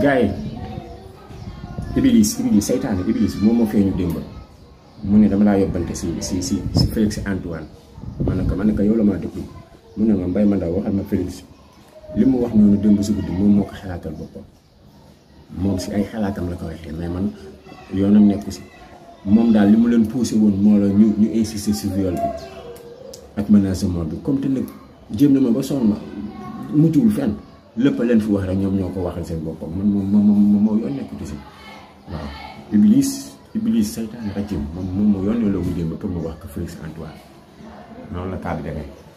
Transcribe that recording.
gars yi ibilis ibilis seytaane ibilis moom moo feeñu démb mu ne dama laa yóbbante si si si si Félix Antoine ma ne ko ma ne ko yow la maa déglu mu ne ma Mbaye Mandaw waxal ma Félix li mu wax noonu démb si guddi moom moo ko xalaatal boppam moom si ay xalaatam la ko waxee mais man yoonam nekku si moom daal li mu leen poussé woon moo la ñu ñu insister si viol bi ak menacement bi comme te nag jéem na ma ba sonn ma mutuwul fenn. lépp leen fi wax rek ñoom ñoo ko waxal seen boppam man moom moom moo yoon nekkuti si waaw iblis iblis saytaan rajim moom moom moo yoon ne loogu démb pour mu wax ko Félix Antoine noonu la kaabi demee